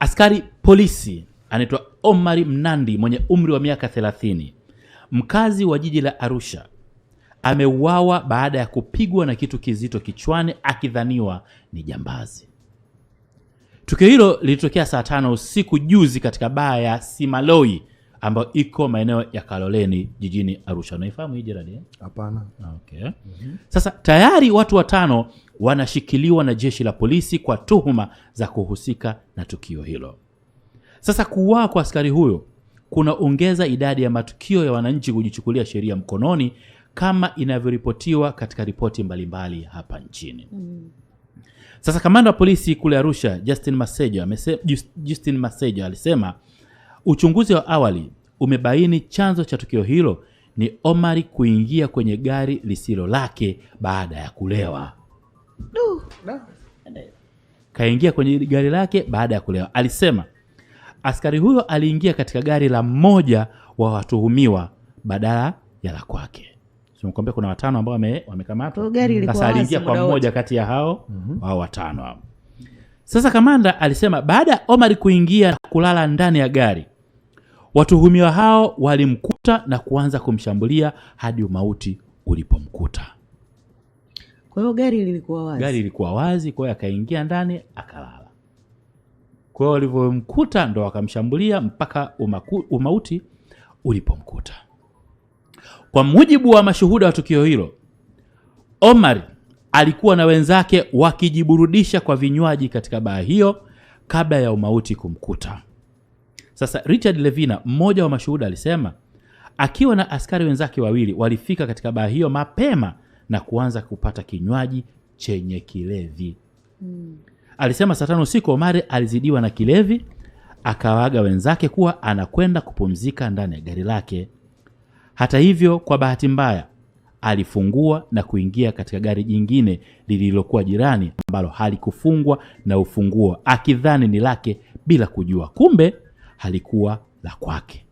Askari polisi anaitwa Omari Mnandi mwenye umri wa miaka 30, mkazi wa jiji la Arusha, ameuawa baada ya kupigwa na kitu kizito kichwani akidhaniwa ni jambazi. Tukio hilo lilitokea saa tano usiku juzi katika baa ya Simaloi ambayo iko maeneo ya Kaloleni jijini Arusha. Unaifahamu hii jirani eh? Hapana. Okay. mm -hmm. Sasa tayari watu watano wanashikiliwa na jeshi la polisi kwa tuhuma za kuhusika na tukio hilo. Sasa kuuawa kwa askari huyo kunaongeza idadi ya matukio ya wananchi kujichukulia sheria mkononi kama inavyoripotiwa katika ripoti mbalimbali mbali hapa nchini. mm. Sasa kamanda wa polisi kule Arusha Justin Maseja, Justin Maseja alisema Uchunguzi wa awali umebaini chanzo cha tukio hilo ni Omari kuingia kwenye gari lisilo lake baada ya kulewa. no. Kaingia kwenye gari lake baada ya kulewa. Alisema askari huyo aliingia katika gari la mmoja wa watuhumiwa badala ya la kwake. Simekwambia kuna watano ambao wamekamatwa wame. Sasa aliingia kwa mmoja kati ya hao mm -hmm. hao watano hao. Sasa kamanda alisema baada ya Omar kuingia kulala ndani ya gari Watuhumiwa hao walimkuta na kuanza kumshambulia hadi umauti ulipomkuta. Kwa hiyo gari lilikuwa wazi, gari lilikuwa wazi, kwa hiyo akaingia ndani akalala. Kwa hiyo walivyomkuta ndo wakamshambulia mpaka umaku, umauti ulipomkuta. Kwa mujibu wa mashuhuda wa tukio hilo, Omar alikuwa na wenzake wakijiburudisha kwa vinywaji katika baa hiyo kabla ya umauti kumkuta. Sasa Richard Levina, mmoja wa mashuhuda, alisema akiwa na askari wenzake wawili walifika katika baa hiyo mapema na kuanza kupata kinywaji chenye kilevi mm. Alisema satano usiku Omari alizidiwa na kilevi, akawaaga wenzake kuwa anakwenda kupumzika ndani ya gari lake. Hata hivyo, kwa bahati mbaya alifungua na kuingia katika gari jingine lililokuwa jirani ambalo halikufungwa na ufunguo, akidhani ni lake bila kujua, kumbe halikuwa la kwake.